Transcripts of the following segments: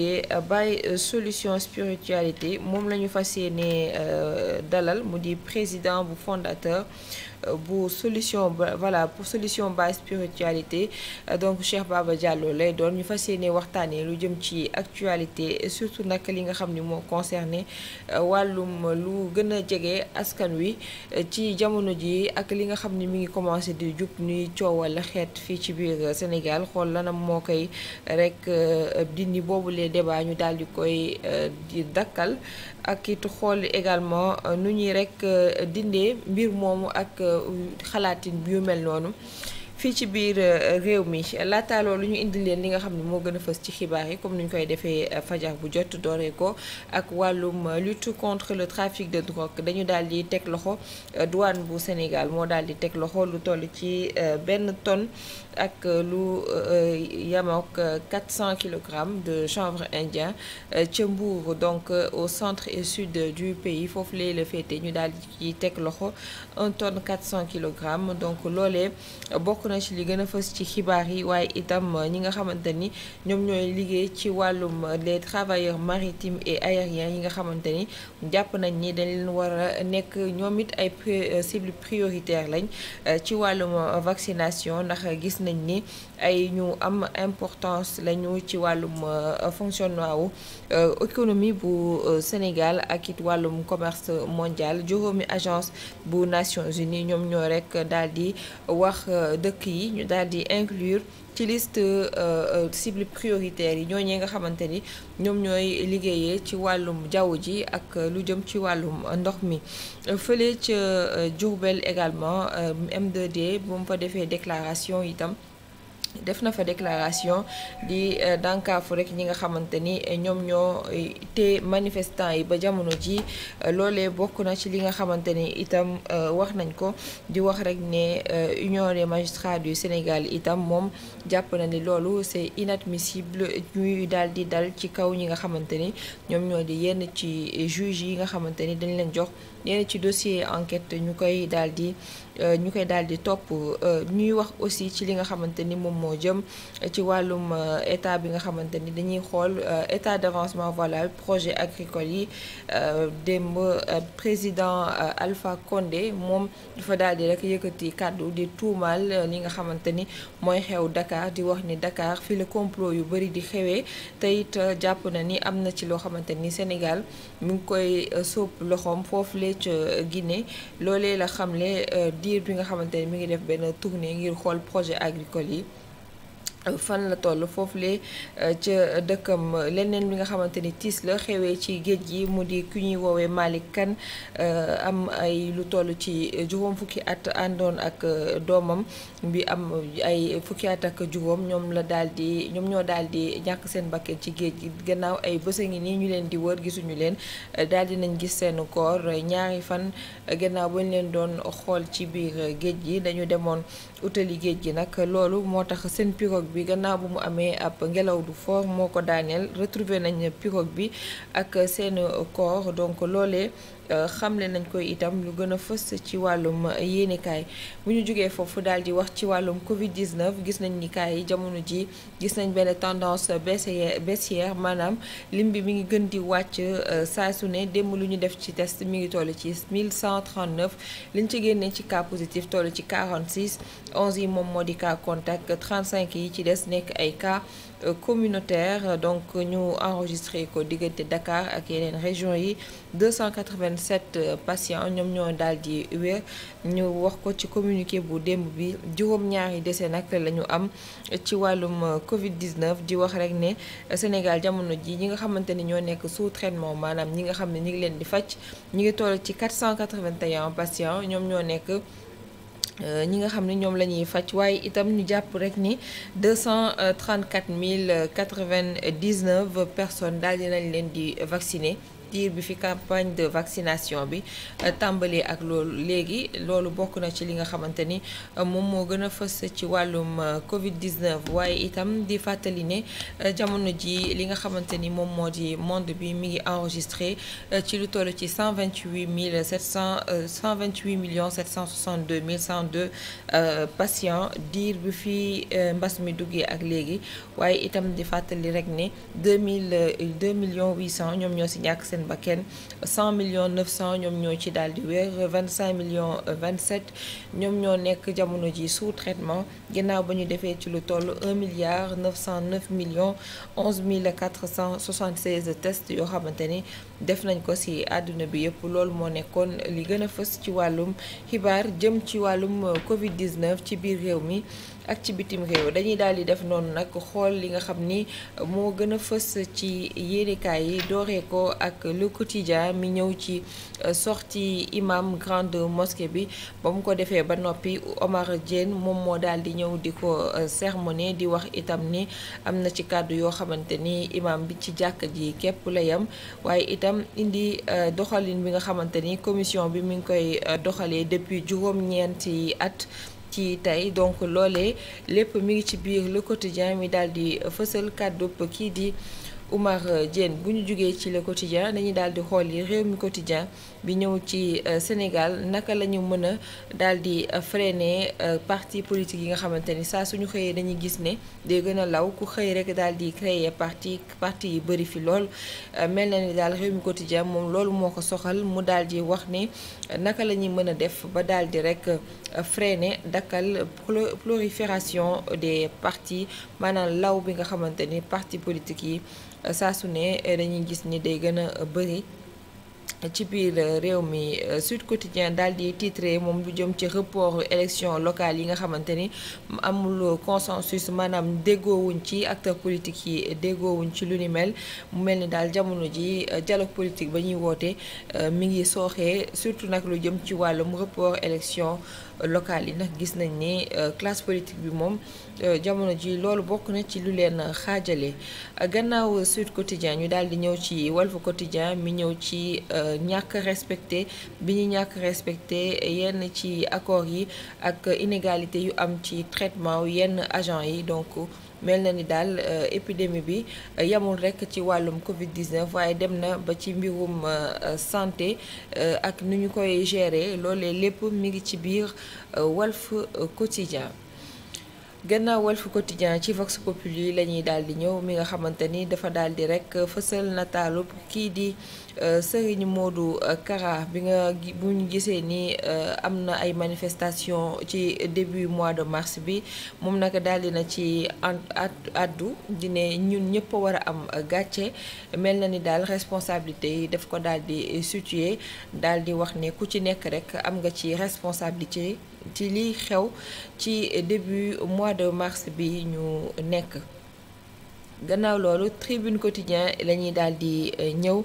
tuddee euh, Baye euh, Solution Spiritualité moom la ñu fas yéenee euh, dalal mu di président bu fondateur bu solution voilà pour solution Baye Spiritualité donc Cheikh Baba Diallo lay doon ñu fas yéenee waxtaanee lu jëm ci actualité surtout nag li nga xam ni moo concerné wàllum lu gën a jege askan wi ci jamono ji ak li nga xam ni mi ngi commencé di jub nuy coowal xeet fii ci biir Sénégal xool lanam moo koy rek dindi boobu leen débat ñu daal di koy euh, di dakkal ak it xool également euh, nu ñuy rek euh, dindee mbir moomu ak xalaatin yu mel noonu fii ci biir réew mi laataaloo lu ñu indi leen li nga xam ne moo gën a fës ci xibaar yi comme ni ñu koy defee fajar bu jot dooree ko ak wàllum lutte contre le trafic de drogue dañu daal di teg loxo douane bu Sénégal moo daal di teg loxo lu toll ci benn ton ak euh, lu euh, yamook euh, cent kilogramme de chanvre indien ca Mbour donc au centre et sud du pays foofu lay la féete ñu daal ci teg loxo 1 tonne cent kilogramme donc loole bokk na ci li gën a fës ci xibaar yi waaye itam ñi nga xamante ni ñoom ñooy liggéey ci wàllum de travailleurs maritimes et aériens yi nga xamante ni jàpp nañ ni dañ leen war a nekk ñoom it ay cible prioritaire lañ ci wàllum vaccination ndax gis nañ nañ ni ay ñu am importance lañu ci wàllum euh, fonctionnement wu euh, économie bu euh, Sénégal ak it wàllum commerce mondial juróomi agence bu Nations Unies ñoom ñoo rek daal di wax dëkk yi ñu daal di inclure ci liste euh, euh, cible prioritaire yi ñooñee nga xamante ni ñoom ñooy liggéeyee ci wàllum jaww ji ak euh, lu jëm ci wàllum ndox mi fële ca Diourbel également m 2 bu mu fa defee déclaration itam def na fa déclaration di euh, dànkaafu rek ñi nga xamante ni euh, ñoom ñoo euh, te manifestant yi ba jamono ji loolee bokk na ci li nga xamante ni itam wax nañ ko di wax rek ne union des magistrats du Sénégal itam moom jàpp na ni loolu c'est inadmissible ñuy daal di dal ci kaw ñi nga xamante ni ñoom ñoo di yenn ci juge yi nga xamante ni dañ leen jox yenn ci dossier enquête ñu koy daal di Euh, ñu koy daal di topp euh, ñuy wax aussi ci li nga xamante ni moom moo jëm euh, ci wàllum état bi nga xamante ni dañuy xool état d'avancement voilà projet agricole yi démb président Alpha Condé moom dafa daal di rek yëkkati kàddu di tuumaal li nga xamante ni mooy xew dakaar di wax ni dakaar fii la complot yu bëri di xewee te it jàpp na ni am na ci loo xamante ni Sénégal mu ngi koy sóob loxoom foofu la ca Guinée loolee la xamle di diir bi nga xamante ne mi ngi def benn tournée ngir xool projet agricole yi fan la toll foofu lee euh, ca dëkkam leneen li nga xamante ni tiis la xewee ci géej gi mu di ku ñuy woowee Malick Kane euh, am ay lu toll ci juróom fukki at àndoon ak euh, doomam bi am ay fukki at ak juróom ñoom la daal di ñoom ñoo daal di ñàkk seen bakken ci géej gi gannaaw ay bësa ngi nii ñu leen di wër gisuñu leen daal di nañ gis seen koor ñaari fan gannaaw ba ñu leen doon xool ci biir géej gi dañu demoon utali géej gi nag loolu moo tax seen pirogue bi gannaaw ba mu amee ab ngelaw du fort moo ko daaneel retrouvé nañ pirogue bi ak seeni corps donc loole xamle nañ koy itam lu gën a fës ci wàllum yéenekaay bu ñu jógee foofu daal di wax ci wàllum Covid 19 gis nañ ni kaay yi jamono ji gis nañ benn tendance baissière baissière maanaam lim bi mu ngi gën di wàcc euh, saa su ne démb lu ñu def ci test mi ngi toll ci 1139 liñ ci génnee ci cas positif toll ci 46 11 yi moom moo di cas contact cinq yi ci des nekk ay cas. communautaire donc ñu enregistré ko diggante Dakar ak yeneen région yi 287 euh, patients ñoom ñoo daal di wér ñu wax ko ci communiqué bu démb bi juróom-ñaari décès nag la ñu am ci wàllum euh, Covid 19 di wax rek ne euh, Sénégal jamono ji ñi nga xamante ni ñoo nekk sous traitement maanaam ñi nga xam ne ñi ngi leen di faj ñi ngi toll ci 481 patients ñoom ñoo nekk. Euh, ñi nga xam ne ñoom la ñuy faj waaye itam ñu jàpp rek ni cent mille 234 099 personnes daal di nañ leen di vacciner diir bi fi campagne de vaccination bi euh, tàmbalee ak loolu léegi loolu bokk na ci li nga xamante ni euh, moom moo gën a fës ci wàllum euh, Covid 19 waaye itam di fàttali ne jamono ji li nga xamante ni moom moo di monde bi mi ngi enregistré ci lu toll ci 128 mille 700 128 millions 762 mille 102 patients diir bi fi mbas mi duggee ak léegi waaye itam di fàttali rek ne 2 mille 2 millions 800 ñoom ñoo si ñàkk seen seen bakken million millions 900 ñoom ñoo ci daal di weer million millions 27 ñoom ñoo nekk jamono ji sous traitement ginnaaw ba ñu defee ci lu toll 1 milliard 909 millions 11 mille 476 tests yoo xamante ni def nañ ko ci àdduna bi yëpp loolu moo nekkoon li gën a fës ci wàllum xibaar jëm ci wàllum Covid 19 ci biir réew mi. ak ci bitim réew dañuy daal di def noonu nag xool li nga xam ni moo gën a fës ci yéenekaay yi dooree ko ak le quotidien mi ñëw ci euh, sorti imam grande mosquée bi ba mu ko defee ba noppi Omar Dieng moom moo daal di ñëw di ko euh, sermone di wax itam ni am na ci kàddu yoo xamante ni imam bi ci jàkk ji képp la yem waaye itam indi euh, doxalin bi nga xamante ni commission bi mi ngi koy doxalee depuis juróom-ñeenti at ci tey donc loolee lépp mi ngi ci biir le quotidien mi daal di fësal kàddu kii di. Oumar euh, Diène bu ñu jógee ci le quotidien dañuy daal di xool yi réew mi quotidien bi ñëw ci euh, Sénégal naka la ñu mën a daal di euh, freiner parti politique yi nga xamante ni saa suñu xëyee dañuy gis ne day gën a law ku xëy rek daal di créer parti parti yi bëri fi lool mel na ni daal réew mi quotidien moom loolu moo ko soxal mu daal di wax ne naka la ñuy mën a def ba daal di rek freiner dakkal prolifération des partis maanaam law bi nga xamante ni parti politique yi saa su ne eh, dañuy gis ni day gën a eh, bëri ci biir euh, réew mi euh, Sud Quotidien daal di titré moom lu jëm ci report élection locale yi nga xamante ni amul consensus maanaam déggoowuñ ci acteurs politiques yi déggoowuñ ci lu ni mel mu mel ni daal jamono ji euh, dialogue politique ba ñuy woote mi ngi sooxee surtout nag lu jëm ci wàllum report élection locale yi nag gis nañ ni classe politique bi moom jamono ji loolu bokk na ci lu leen xaajale gannaaw Sud Quotidien ñu daal di ñëw ci Walf Quotidien mi ñëw ci. ñàkk respecté bi ñu ñàkk respecté yenn ci accords yi ak inégalité yu am ci traitement yenn agent yi donc mel na ni daal euh, épidémie bi euh, yamul rekk ci wàllum Covid 19 waaye dem na ba ci mbirum euh, santé ak nu ñu koy gérer loolee lépp mi ngi ci biir Walf Quotidien gannaaw Walf Quotidien ci Vox Populi la ñuy daal di ñëw mi nga xamante ni dafa daal di rek fësal nataalu kii di Euh, Serigne Modou euh, Kara bi nga bu ñu gisee ni euh, am na ay manifestation ci début mois de mars bi moom nag daal di na ci àddu dine ñun ñëpp war a am gàcce mel na ni daal responsabilité yi daf ko daal di situer daal di wax ne ku ci nekk rek am nga ci responsabilité ci liy xew ci début mois de mars bi ñu nekk gannaaw loolu tribune quotidien la ñuy daal di eh, ñëw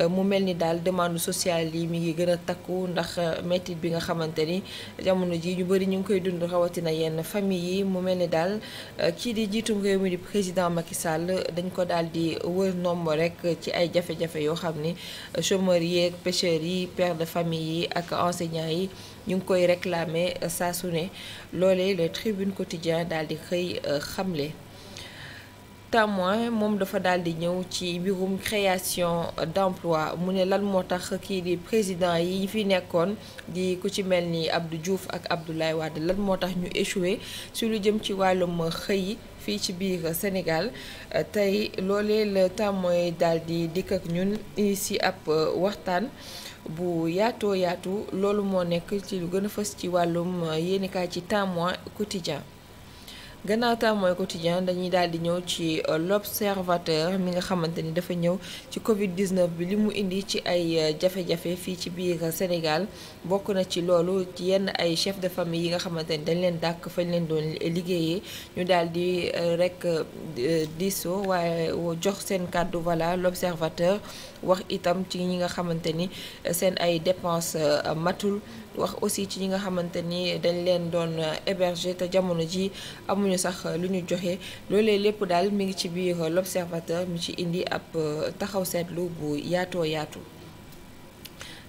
eh, mu mel ni daal demande sociale yi mi ngi gën a takku ndax eh, métit bi nga xamante ni jamono ji ñu bëri ñu ngi koy dund rawatina yenn famille yi mu mel ni daal kii di jiitu réew mi di président Macky Sall dañ ko daal di wër nombre rek ci ay jafe-jafe yoo xam ni chômeurs yi ak pêcheurs yi père de famille yi ak enseignants yi ñu ngi koy réclamer saa su ne loolee le tribune quotidien daal di xëy xamle témoin moom dafa daal di ñëw ci mbirum création d'emploi mu ne lan moo tax kii di président yi fi nekkoon di ku ci mel ni Abdou juuf ak Abdoulaye Wade lan moo tax ñu échoué su lu jëm ci wàllum xëy fii ci biir Sénégal euh, tey loolee la témoin daal di dikk ak ñun ci ab euh, waxtaan bu yaatoo yaatu loolu moo nekk ci lu gën a fës ci wàllum euh, yéenekaay ci témoin quotidien gannaaw mooy quotidien dañuy daal di ñëw ci euh, l'observateur mi nga xamante ni dafa ñëw ci Covid 19 bi li mu indi ci ay euh, jafe-jafe fii ci biir Sénégal bokk na ci loolu ci yenn ay chef de famille yi nga xamante ni dañ leen dàkk fañ leen doon liggéeyee ñu daal di euh, rek diisoo waaye jox seen kàddu voilà l'observateur wax itam ci ñi nga xamante ni seen ay dépenses matul. wax aussi ci ñi nga xamante ni dañ leen doon euh, héberger te jamono ji amuñu sax euh, lu ñu joxe loolee lépp daal mi ngi ci biir euh, l'observateur mi ci indi ab taxaw seetlu bu yaatoo yaatu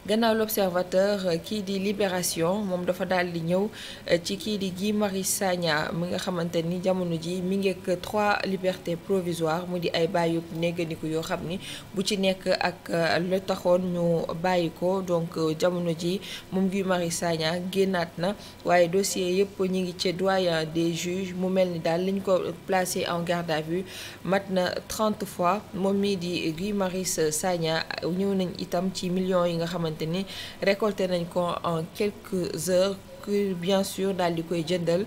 gannaaw l'observateur euh, kii di libération moom dafa daal di ñëw euh, ci kii di Guy Marius Sagna mi nga xamante ni jamono ji mi ngi ak trois libertés provisoires mu di ay bàyyi néggandiku yoo xam ni bu ci nekk ak euh, lu taxoon ñu bàyyi ko donc jamono ji moom Guy Marius Sagna génnaat na waaye dossier yëpp ñu ngi ci doyen des juges mu mel ni daal liñ ko placé en garde à vue mat na 30 fois moom mi di Guy Marius Sagna ñëw nañ itam ci millions yi nga xamante te ni récolté nañ ko en quelques heures bien sûr daal di koy jëndal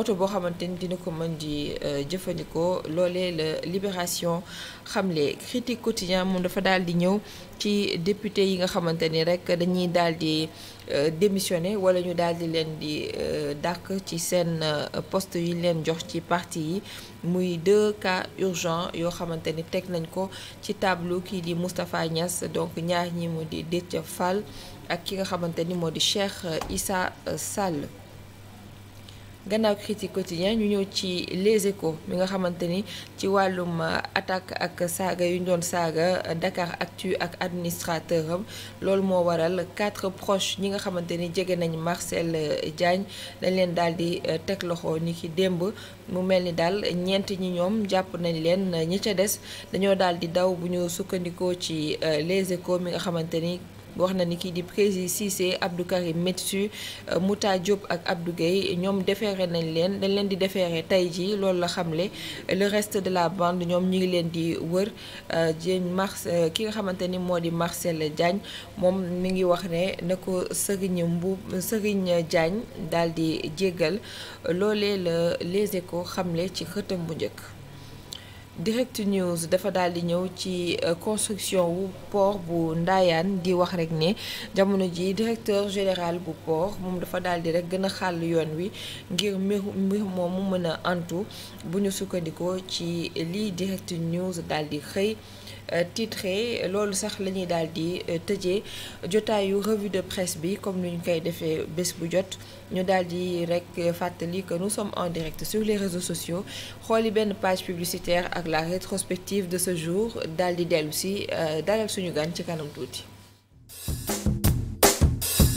oto boo xamante ni dina ko mën di euh, jëfandikoo loolee la libération xamle critique quotidien moom dafa daal di ñëw ci député yi nga xamante ni rek dañuy daal di euh, démissionné wala ñu daal di leen di euh, dàq ci seen poste yi leen jox ci partie yi muy deux cas urgents yoo xamante ni teg nañ ko ci tableau kii di Moustapha Niass donc ñaar ñi mu di Déthié Fall ak ki nga xamante ni moo di Cheikh Issa Sall gannaaw critique quotidien ñu ñëw ci les échos mi nga xamante ni ci wàllum attaque ak saaga yu ñu doon saaga Dakar Actu ak administrateur am loolu moo waral quatre proches ñi nga xamante ni jege nañu Marcel Diagne dañ leen daal di euh, teg loxo ni ki démb mu mel ni daal ñeent ñi ñoom jàpp nañ leen ñi ca des dañoo daal di daw bu ñu sukkandikoo ci euh, les échos mi nga xamante ni wax na ni kii di Prési Cissé Abdou Karim Metsu euh, Mouta Diop ak Abdou Gueye ñoom defeere nañ leen dañ leen di defeere tey ji loolu la xamle le reste de la bande ñoom ñu ngi leen di wër jéem euh, mar euh, ki nga xamante ni moo di la Diagne moom mi ngi wax ne ne ko sëriñ mbu sëriñ Diagne daal di jéggal loole la les échos xamle ci xëtam bu njëkk direct news dafa daal di ñëw ci euh, construction wu poor bu ndaayaan di wax rek ne jamono ji directeur général bu port moom dafa daal di rek gën a xàll yoon wi ngir mbir mbir moomu mën a antu bu ñu sukkandikoo ci lii direct news daal di xëy. Euh, titré loolu sax la ñuy daal di euh, tëjee jotaayu revue de presse bi comme ni ñu koy defee bés bu jot ñu daal di rek fàttali que nous sommes en direct sur les réseaux sociaux xooli benn page publicitaire ak la rétrospective de ce jour daal di dellu si euh, dalal suñu gan ci kanam tuuti.